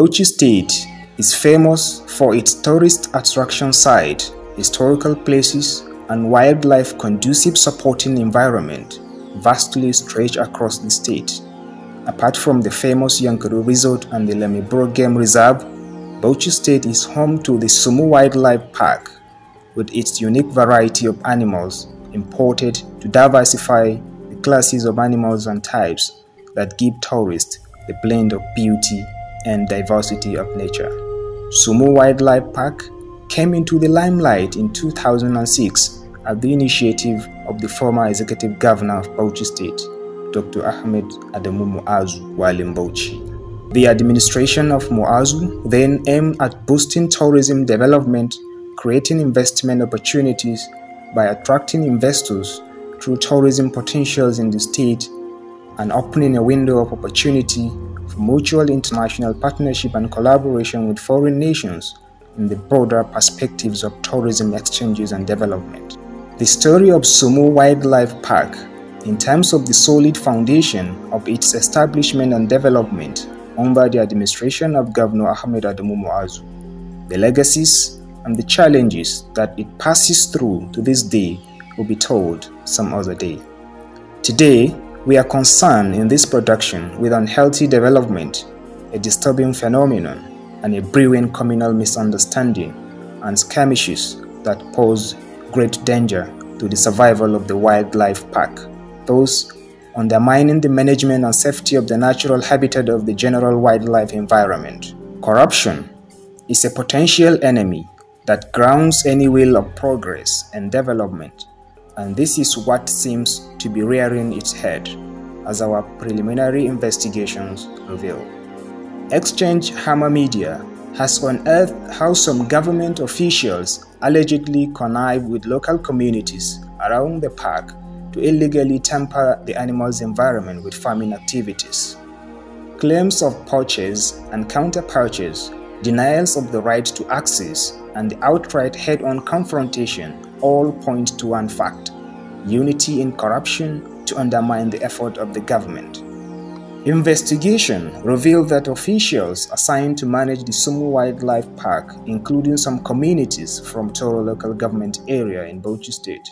Bauchi State is famous for its tourist attraction site, historical places, and wildlife conducive supporting environment vastly stretch across the state. Apart from the famous Yankuru Resort and the Lemibro Game Reserve, Bauchi State is home to the Sumu Wildlife Park, with its unique variety of animals imported to diversify the classes of animals and types that give tourists the blend of beauty and diversity of nature. Sumo Wildlife Park came into the limelight in 2006 at the initiative of the former executive governor of Bauchi State, Dr. Ahmed Adamu Muazu Walim Bauchi. The administration of Muazu then aimed at boosting tourism development, creating investment opportunities by attracting investors through tourism potentials in the state and opening a window of opportunity for mutual international partnership and collaboration with foreign nations in the broader perspectives of tourism exchanges and development. The story of Sumo Wildlife Park, in terms of the solid foundation of its establishment and development under the administration of Governor Ahmed Adamu Muazu, the legacies and the challenges that it passes through to this day will be told some other day. Today, we are concerned in this production with unhealthy development, a disturbing phenomenon, and a brewing communal misunderstanding and skirmishes that pose great danger to the survival of the wildlife park, thus undermining the management and safety of the natural habitat of the general wildlife environment. Corruption is a potential enemy that grounds any will of progress and development and this is what seems to be rearing its head, as our preliminary investigations reveal. Exchange Hammer Media has unearthed how some government officials allegedly connive with local communities around the park to illegally tamper the animal's environment with farming activities. Claims of poachers and counter poachers denials of the right to access, and the outright head-on confrontation all point to one fact unity in corruption to undermine the effort of the government. Investigation revealed that officials assigned to manage the Sumu Wildlife Park, including some communities from Toro local government area in Bauchi State,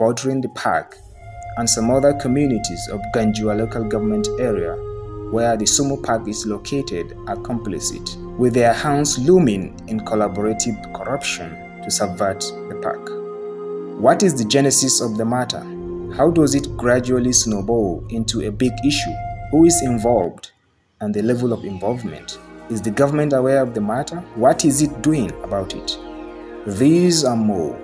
bordering the park, and some other communities of Ganjua local government area, where the Sumu Park is located, are complicit, with their hands looming in collaborative corruption to subvert the park. What is the genesis of the matter? How does it gradually snowball into a big issue? Who is involved and the level of involvement? Is the government aware of the matter? What is it doing about it? These and more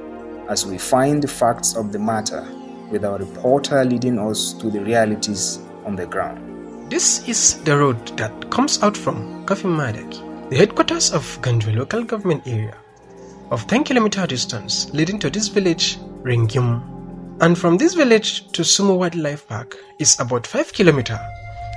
as we find the facts of the matter with our reporter leading us to the realities on the ground. This is the road that comes out from Kafimadaki, the headquarters of Ganjwe local government area of 10 kilometer distance leading to this village, Ringium, And from this village to Sumo Wildlife Park is about 5 kilometer.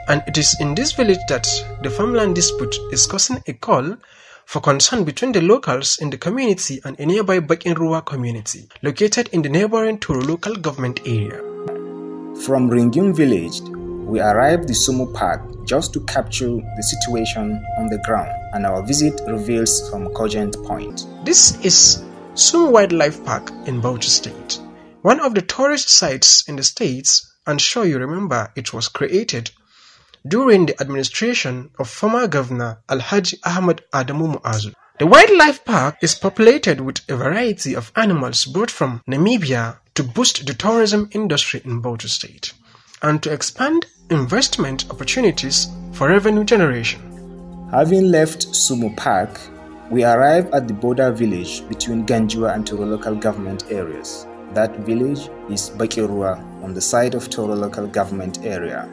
And it is in this village that the farmland dispute is causing a call for concern between the locals in the community and a nearby Bakinrua community located in the neighboring Turu local government area. From Ringium village we arrived the Sumu Park just to capture the situation on the ground and our visit reveals some cogent points. This is Sumu Wildlife Park in Bauchi State, one of the tourist sites in the states and sure you remember it was created during the administration of former governor Alhaji Ahmad Adamu Muazu. The wildlife park is populated with a variety of animals brought from Namibia to boost the tourism industry in Bauchi state and to expand investment opportunities for revenue generation. Having left Sumo Park, we arrive at the border village between Ganjua and Toro local government areas. That village is Bakirua on the side of Toro local government area.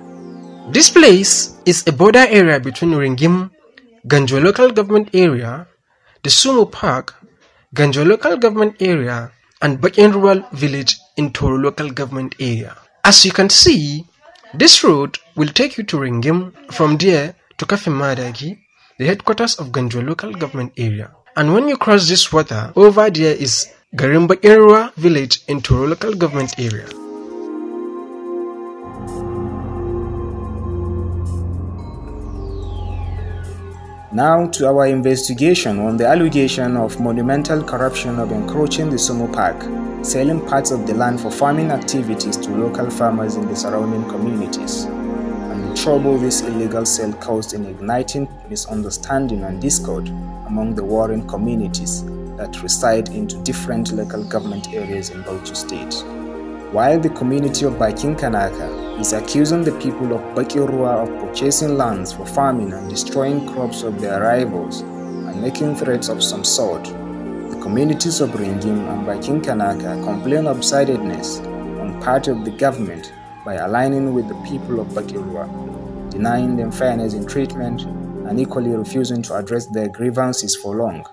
This place is a border area between Ringim, Ganjua local government area, the Sumo Park, Ganjua local government area, and Bakirua village in Toro local government area. As you can see, this road will take you to Ringim, from there to Kafimadagi, the headquarters of Ganjwa local government area. And when you cross this water, over there is Garimba Irua village in Toro local government area. Now to our investigation on the allegation of monumental corruption of encroaching the Sumo Park selling parts of the land for farming activities to local farmers in the surrounding communities. And the trouble this illegal sale caused in igniting misunderstanding and discord among the warring communities that reside into different local government areas in Bauchi State. While the community of Baikin Kanaka is accusing the people of Bakirua of purchasing lands for farming and destroying crops of their rivals and making threats of some sort, Communities of Ringim and Kanaka complain of sidedness on part of the government by aligning with the people of Bakirua, denying them fairness in treatment and equally refusing to address their grievances for long,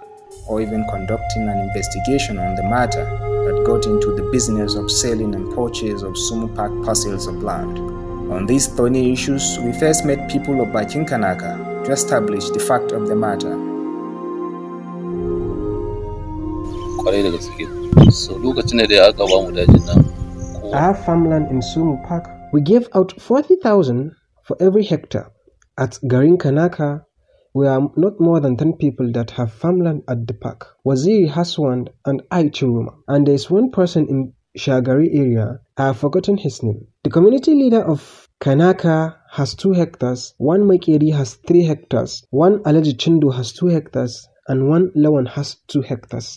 or even conducting an investigation on the matter that got into the business of selling and purchase of park parcels of land. On these thorny issues, we first met people of Kanaka to establish the fact of the matter kwarai da gaske so lokacin da aka ba mu dajin nan a farmland in sumu park we gave out 40000 for every hectare at garin kanaka We are not more than 10 people that have farmland at the park. Waziri Haswand and I Chiruma. And there is one person in Shagari area. I have forgotten his name. The community leader of Kanaka has two hectares, one Maikeri has three hectares, one alleged Chindu has two hectares, and one Lawan has two hectares.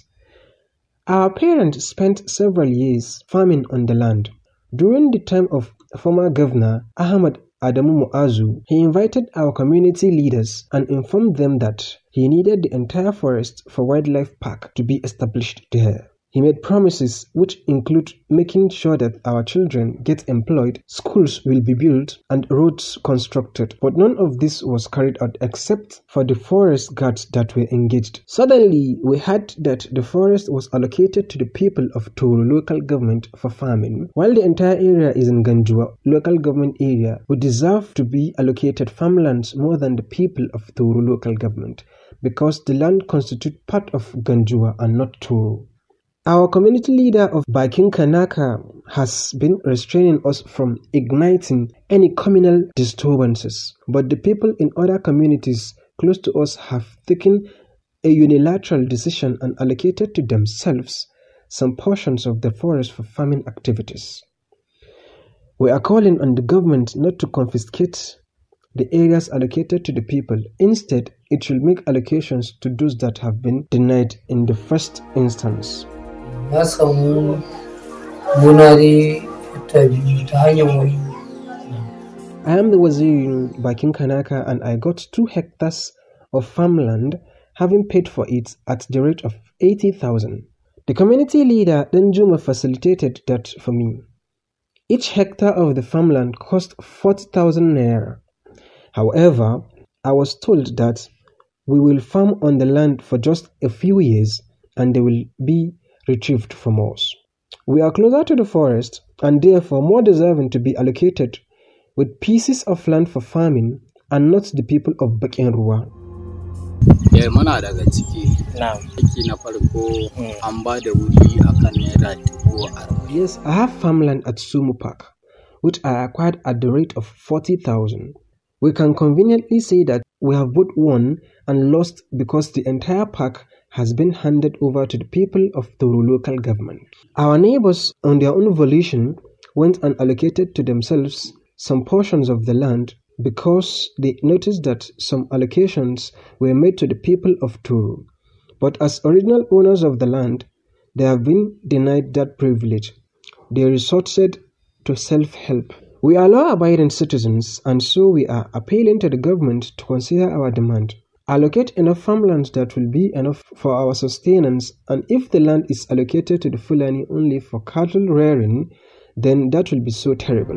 Our parents spent several years farming on the land. During the time of former governor Ahmad Adamu Muazu, he invited our community leaders and informed them that he needed the entire forest for wildlife park to be established there. He made promises which include making sure that our children get employed, schools will be built, and roads constructed. But none of this was carried out except for the forest guards that were engaged. Suddenly, we heard that the forest was allocated to the people of Toro local government for farming. While the entire area is in Ganjua local government area, we deserve to be allocated farmlands more than the people of Toro local government because the land constitute part of Ganjua and not Toro. Our community leader of Barking Kanaka has been restraining us from igniting any communal disturbances, but the people in other communities close to us have taken a unilateral decision and allocated to themselves some portions of the forest for farming activities. We are calling on the government not to confiscate the areas allocated to the people. Instead, it should make allocations to those that have been denied in the first instance. I am the wazir Bakin Kanaka and I got two hectares of farmland having paid for it at the rate of 80,000. The community leader Danjuma facilitated that for me. Each hectare of the farmland cost 40,000 naira. However, I was told that we will farm on the land for just a few years and there will be retrieved from us. We are closer to the forest and therefore more deserving to be allocated with pieces of land for farming and not the people of Bakenruwa. Eh, daga ciki. Ciki na farko hmm. an ba da wuri akan naira dubu arba'in. Yes, I have farmland at Sumu Park, which I acquired at the rate of forty thousand. We can conveniently say that we have both won and lost because the entire park has been handed over to the people of Toru local government. Our neighbors, on their own volition, went and allocated to themselves some portions of the land because they noticed that some allocations were made to the people of Toru. But as original owners of the land, they have been denied that privilege. They resorted to self help. We are law abiding citizens, and so we are appealing to the government to consider our demand. Allocate enough farmland that will be enough for our sustenance and if the land is allocated to the Fulani only for cattle rearing, then that will be so terrible.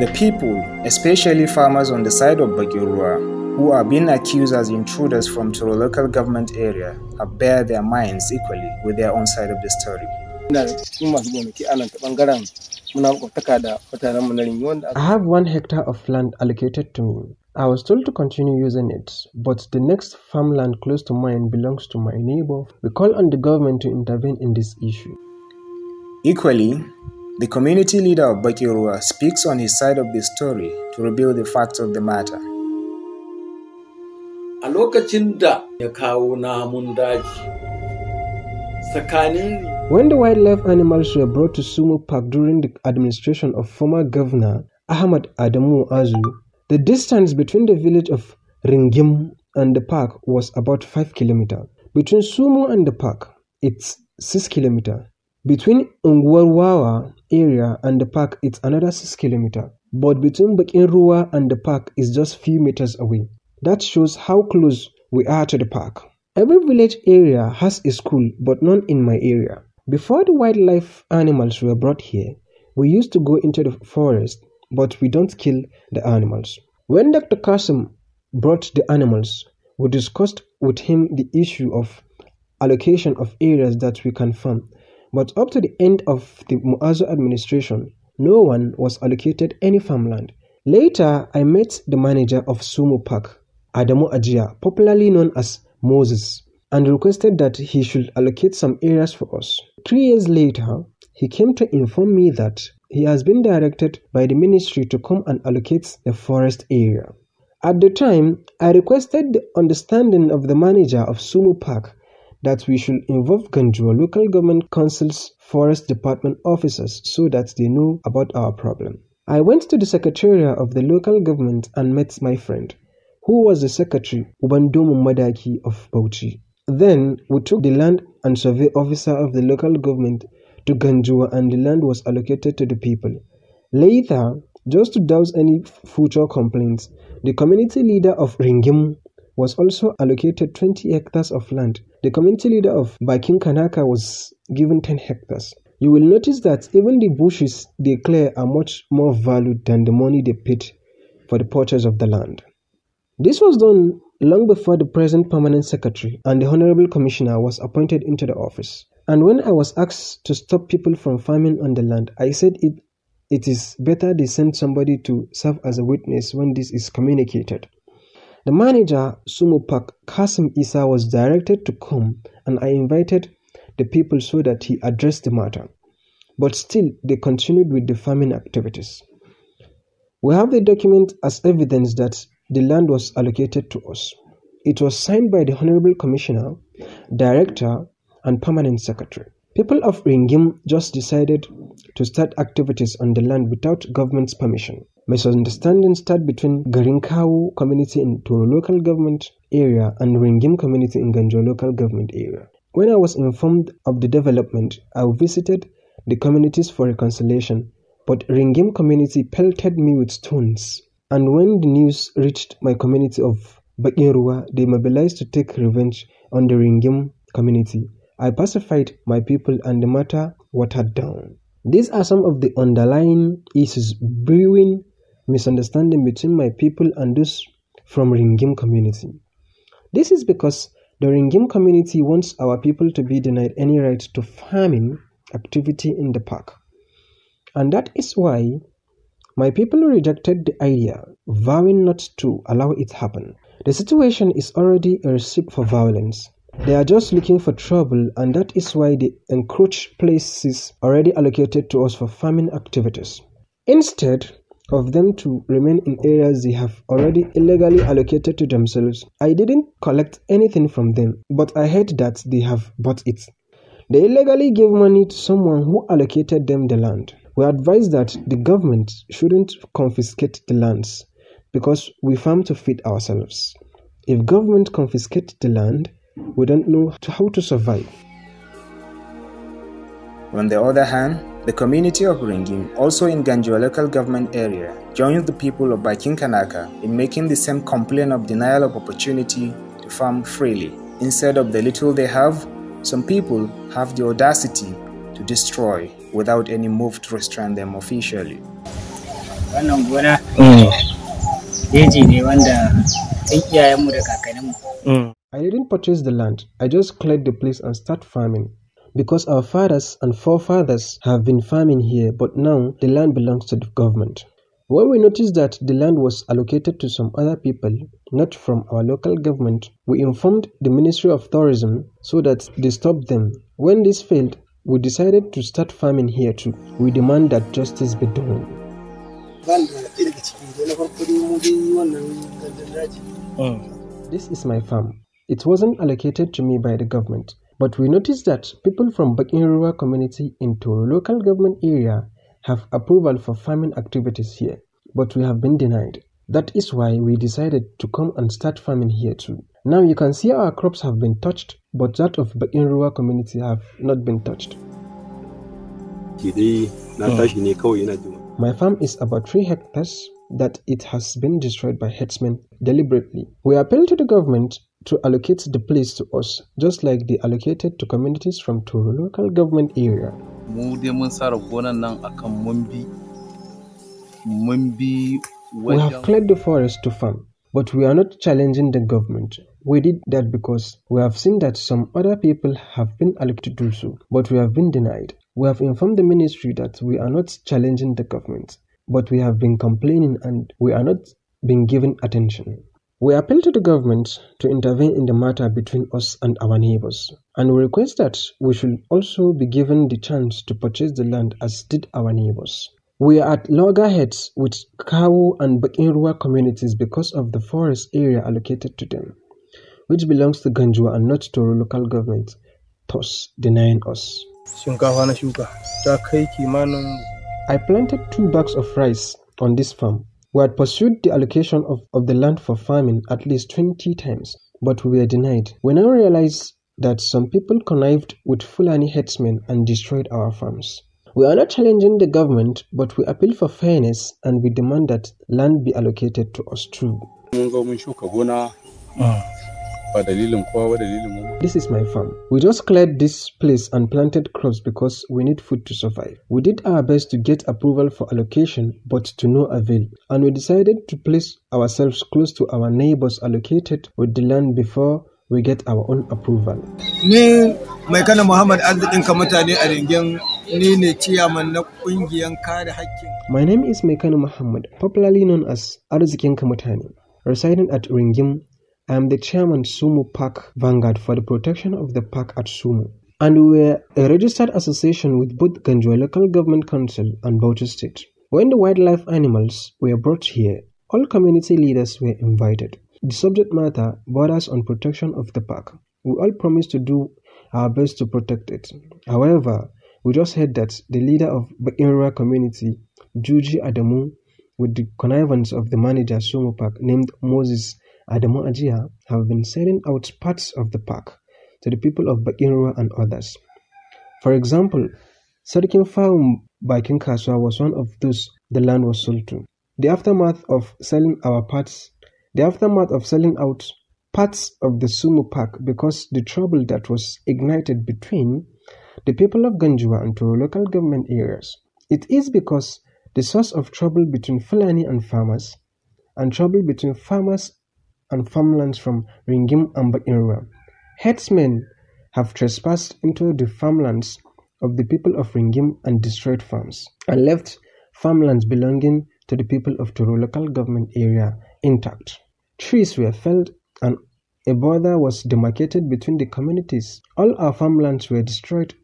The people, especially farmers on the side of Bagirua, who are being accused as intruders from Toro local government area, have bear their minds equally with their own side of the story. I have one hectare of land allocated to me. I was told to continue using it, but the next farmland close to mine belongs to my neighbor. We call on the government to intervene in this issue. Equally, the community leader of Bakirua speaks on his side of the story to reveal the facts of the matter. A lokacin da ya kawo namun daji tsakanin When the wildlife animals were brought to Sumo Park during the administration of former governor Ahmad Adamu Azu, the distance between the village of Ringim and the park was about 5 km. Between Sumu and the park, it's 6 km. Between Ungwarwawa area and the park, it's another 6 km. But between Bakinrua and the park is just few meters away. That shows how close we are to the park. Every village area has a school, but none in my area. Before the wildlife animals were brought here, we used to go into the forest but we don't kill the animals. When Dr. Kasim brought the animals, we discussed with him the issue of allocation of areas that we can farm. But up to the end of the Muazu administration, no one was allocated any farmland. Later, I met the manager of Sumo Park, Adamo Ajia, popularly known as Moses, and requested that he should allocate some areas for us. Three years later, he came to inform me that he has been directed by the ministry to come and allocate the forest area. At the time, I requested the understanding of the manager of Sumu Park that we should involve Ganjua local government council's forest department officers so that they know about our problem. I went to the secretariat of the local government and met my friend, who was the secretary Ubandomu Madaki of Bauchi. Then we took the land and survey officer of the local government to Ganjua and the land was allocated to the people. Later, just to douse any future complaints, the community leader of Ringim was also allocated 20 hectares of land. The community leader of Bakim Kanaka was given 10 hectares. You will notice that even the bushes they clear are much more valued than the money they paid for the purchase of the land. This was done long before the present permanent secretary and the honorable commissioner was appointed into the office. And when I was asked to stop people from farming on the land, I said it, it is better they send somebody to serve as a witness when this is communicated. The manager, Sumo Park Kasim Isa, was directed to come, and I invited the people so that he addressed the matter. But still, they continued with the farming activities. We have the document as evidence that the land was allocated to us. It was signed by the Honorable Commissioner, Director, and permanent secretary. People of Ringim just decided to start activities on the land without government's permission. Misunderstandings started between Garinkawu community in Toro local government area and Ringim community in Ganjo local government area. When I was informed of the development, I visited the communities for reconciliation, but Ringim community pelted me with stones. And when the news reached my community of Bakinruwa, they mobilized to take revenge on the Ringim community. I pacified my people and the matter watered down. These are some of the underlying issues brewing misunderstanding between my people and those from Ringim community. This is because the Ringim community wants our people to be denied any right to farming activity in the park. And that is why my people rejected the idea, vowing not to allow it happen. The situation is already a recipe for violence. They are just looking for trouble and that is why they encroach places already allocated to us for farming activities, instead of them to remain in areas they have already illegally allocated to themselves. I didn't collect anything from them, but I heard that they have bought it. They illegally gave money to someone who allocated them the land. We advise that the government shouldn't confiscate the lands because we farm to feed ourselves. If government confiscate the land, we don't know how to survive. On the other hand, the community of Ringim, also in Ganjua local government area, joins the people of Kanaka in making the same complaint of denial of opportunity to farm freely. Instead of the little they have, some people have the audacity to destroy without any move to restrain them officially. Wannan I didn't purchase the land, I just cleared the place and start farming. Because our fathers and forefathers have been farming here, but now the land belongs to the government. When we noticed that the land was allocated to some other people, not from our local government, we informed the Ministry of Tourism so that they stopped them. When this failed, we decided to start farming here too. We demand that justice be done. This is my farm. It wasn't allocated to me by the government, but we noticed that people from Bakin rural community in Toro local government area have approval for farming activities here, but we have been denied. That is why we decided to come and start farming here too. Now you can see our crops have been touched, but that of Bakin rural community have not been touched. Oh. My farm is about 3 hectares that it has been destroyed by herdsmen deliberately. We appeal to the government to allocate the place to us, just like they allocated to communities from Toro local government area. We have cleared the forest to farm, but we are not challenging the government. We did that because we have seen that some other people have been allocated to do so, but we have been denied. We have informed the ministry that we are not challenging the government, but we have been complaining and we are not being given attention. We appeal to the government to intervene in the matter between us and our neighbors, and we request that we should also be given the chance to purchase the land as did our neighbors. We are at loggerheads with Kawu and Bakinrua communities because of the forest area allocated to them, which belongs to Ganjua and not to our local government, thus denying us. I planted two bags of rice on this farm we had pursued the allocation of, of the land for farming at least 20 times, but we were denied. We now realize that some people connived with Fulani headsmen and destroyed our farms. We are not challenging the government, but we appeal for fairness and we demand that land be allocated to us too. ba dalilin this is my farm we just cleared this place and planted crops because we need food to survive we did our best to get approval for allocation but to no avail and we decided to place ourselves close to our neighbors allocated with the land before we get our own approval ni mai kana muhammad arzikinka mutane a ringin ni ne ciyaman na kungiyan kare hakkin my name is maikana muhammad popularly known as ka mutane residing at ringim I am the chairman Sumu Park Vanguard for the protection of the park at Sumu. And we are a registered association with both Ganjwa Local Government Council and Bauchi State. When the wildlife animals were brought here, all community leaders were invited. The subject matter borders on protection of the park. We all promised to do our best to protect it. However, we just heard that the leader of the Bakinra community, Juji Adamu, with the connivance of the manager Sumo Park named Moses Adamu Ajia have been selling out parts of the park to the people of Bakinruwa and others. For example, Sarkin Farm Bakin Kaswa was one of those the land was sold to. The aftermath of selling our parts, the aftermath of selling out parts of the Sumu Park because the trouble that was ignited between the people of Ganjua and Toro local government areas. It is because the source of trouble between Fulani and farmers and trouble between farmers and farmlands from Ringim Amba area. Headsmen have trespassed into the farmlands of the people of Ringim and destroyed farms, and left farmlands belonging to the people of Toro local government area intact. Trees were felled and a border was demarcated between the communities. All our farmlands were destroyed,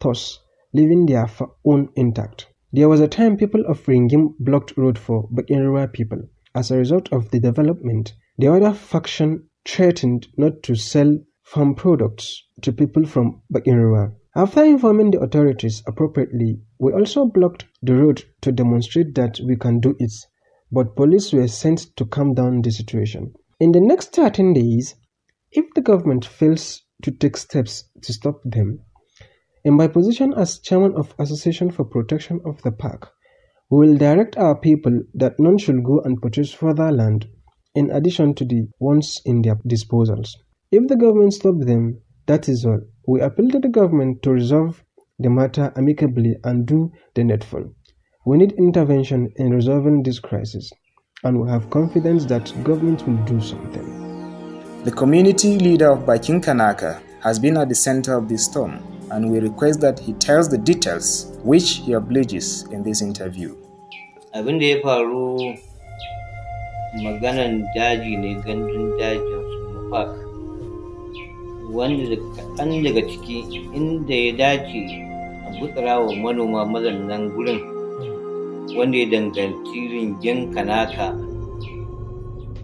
thus leaving their own intact. There was a time people of Ringim blocked road for Bakinrua people. As a result of the development, the other faction threatened not to sell farm products to people from Buckingham. After informing the authorities appropriately, we also blocked the road to demonstrate that we can do it, but police were sent to calm down the situation. In the next 13 days, if the government fails to take steps to stop them, in my position as chairman of Association for Protection of the Park, we will direct our people that none should go and purchase further land in addition to the ones in their disposals. If the government stopped them, that is all. We appeal to the government to resolve the matter amicably and do the needful. We need intervention in resolving this crisis, and we have confidence that government will do something. The community leader of Bakin Kanaka has been at the center of this storm, and we request that he tells the details which he obliges in this interview. abin da ya faru maganan daji ne gandun dajin su park wanda da kaɗan daga ciki inda ya dace a butsara wa manoma mazannan gurin wanda ya danganci ringin kanaka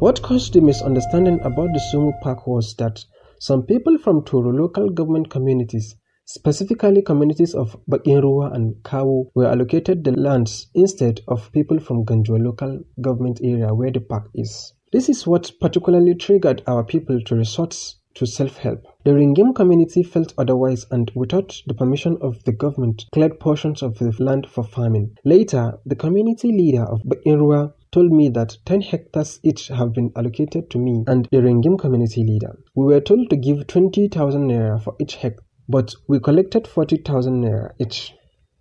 What caused the misunderstanding about the Sumu Park was that some people from Toro local government communities Specifically, communities of Bakinruwa and Kawu were allocated the lands instead of people from Ganjwa local government area where the park is. This is what particularly triggered our people to resort to self-help. The Ringim community felt otherwise and without the permission of the government cleared portions of the land for farming. Later, the community leader of Bakinruwa told me that 10 hectares each have been allocated to me and the Ringim community leader. We were told to give 20,000 naira for each hectare but we collected 40,000 naira each.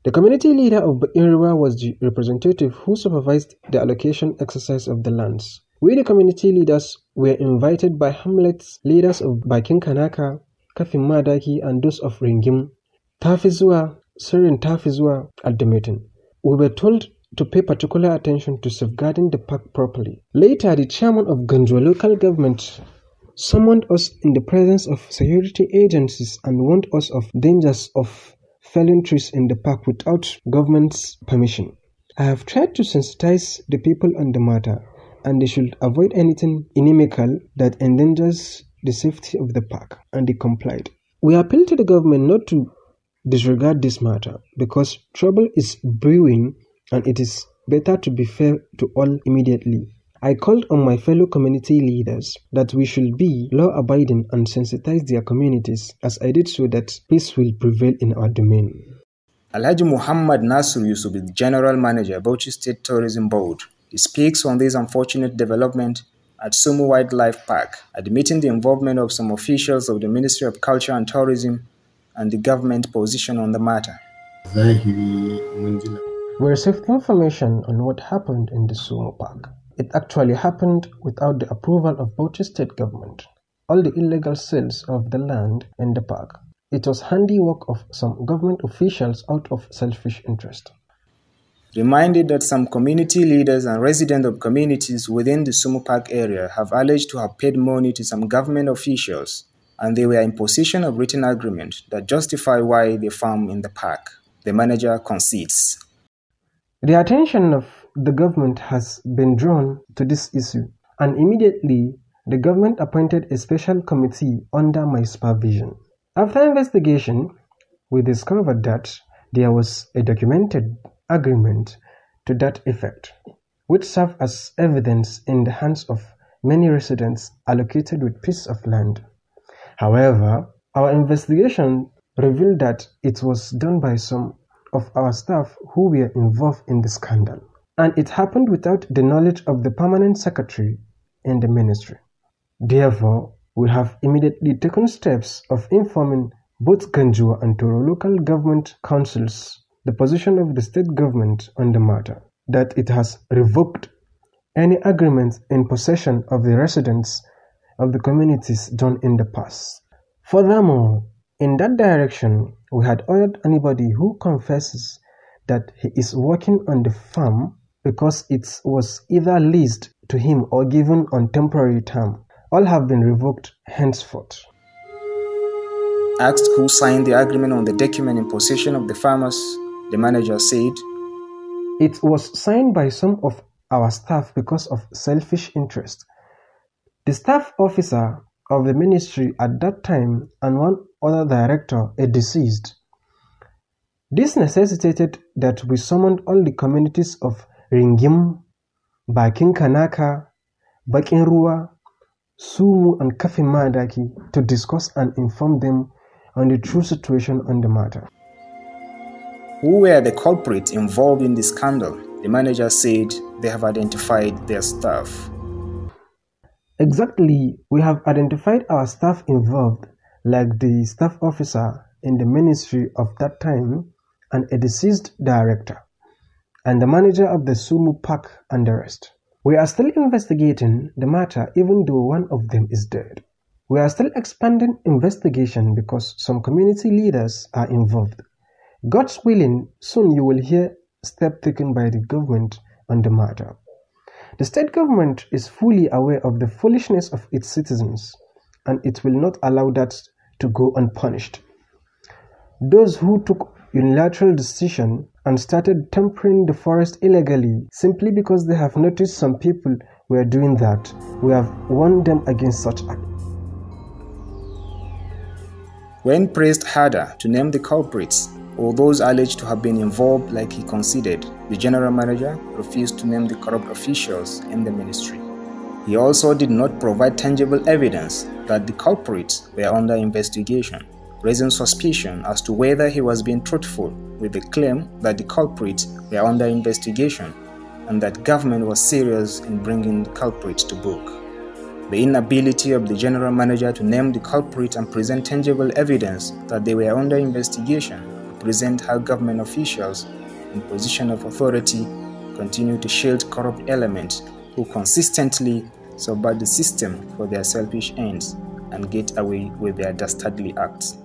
The community leader of Ruwa was the representative who supervised the allocation exercise of the lands. We, the community leaders, were invited by hamlets leaders of Bakin Kanaka, Kafin Madaki, and those of Ringim, Tafizua, Sirrin Tafizua at the meeting. We were told to pay particular attention to safeguarding the park properly. Later, the chairman of Ganjwa local government summoned us in the presence of security agencies and warned us of dangers of felling trees in the park without government's permission. I have tried to sensitize the people on the matter and they should avoid anything inimical that endangers the safety of the park and they complied. We appeal to the government not to disregard this matter because trouble is brewing and it is better to be fair to all immediately I called on my fellow community leaders that we should be law abiding and sensitize their communities as I did so that peace will prevail in our domain. Alhaji Muhammad Nasir Yusuf is General Manager, Bauchi State Tourism Board. He speaks on this unfortunate development at Sumu Wildlife Park, admitting the involvement of some officials of the Ministry of Culture and Tourism and the government position on the matter. We received information on what happened in the Sumu Park it actually happened without the approval of Bauchi state government. All the illegal sales of the land in the park. It was handiwork of some government officials out of selfish interest. Reminded that some community leaders and residents of communities within the Sumo Park area have alleged to have paid money to some government officials and they were in possession of written agreement that justify why they farm in the park. The manager concedes. The attention of the government has been drawn to this issue, and immediately the government appointed a special committee under my supervision. After investigation, we discovered that there was a documented agreement to that effect, which served as evidence in the hands of many residents allocated with pieces of land. However, our investigation revealed that it was done by some of our staff who were involved in the scandal and it happened without the knowledge of the permanent secretary in the ministry. Therefore, we have immediately taken steps of informing both Ganjua and Toro local government councils the position of the state government on the matter, that it has revoked any agreements in possession of the residents of the communities done in the past. Furthermore, in that direction, we had ordered anybody who confesses that he is working on the farm because it was either leased to him or given on temporary term. All have been revoked henceforth. Asked who signed the agreement on the document in possession of the farmers, the manager said, It was signed by some of our staff because of selfish interest. The staff officer of the ministry at that time and one other director, a deceased. This necessitated that we summoned all the communities of Ringim, Bakin Kanaka, Bakin Ruwa, Sumu and Kafin Madaki to discuss and inform them on the true situation on the matter. Who were the culprits involved in the scandal? The manager said they have identified their staff. Exactly, we have identified our staff involved, like the staff officer in the ministry of that time and a deceased director and the manager of the Sumu Park under arrest. We are still investigating the matter even though one of them is dead. We are still expanding investigation because some community leaders are involved. God's willing, soon you will hear step taken by the government on the matter. The state government is fully aware of the foolishness of its citizens and it will not allow that to go unpunished. Those who took unilateral decision and started tampering the forest illegally simply because they have noticed some people were doing that. We have warned them against such act. When pressed harder to name the culprits or those alleged to have been involved like he conceded, the general manager refused to name the corrupt officials in the ministry. He also did not provide tangible evidence that the culprits were under investigation raising suspicion as to whether he was being truthful with the claim that the culprits were under investigation and that government was serious in bringing the culprits to book. The inability of the general manager to name the culprit and present tangible evidence that they were under investigation present how government officials in position of authority continue to shield corrupt elements who consistently subvert the system for their selfish ends and get away with their dastardly acts.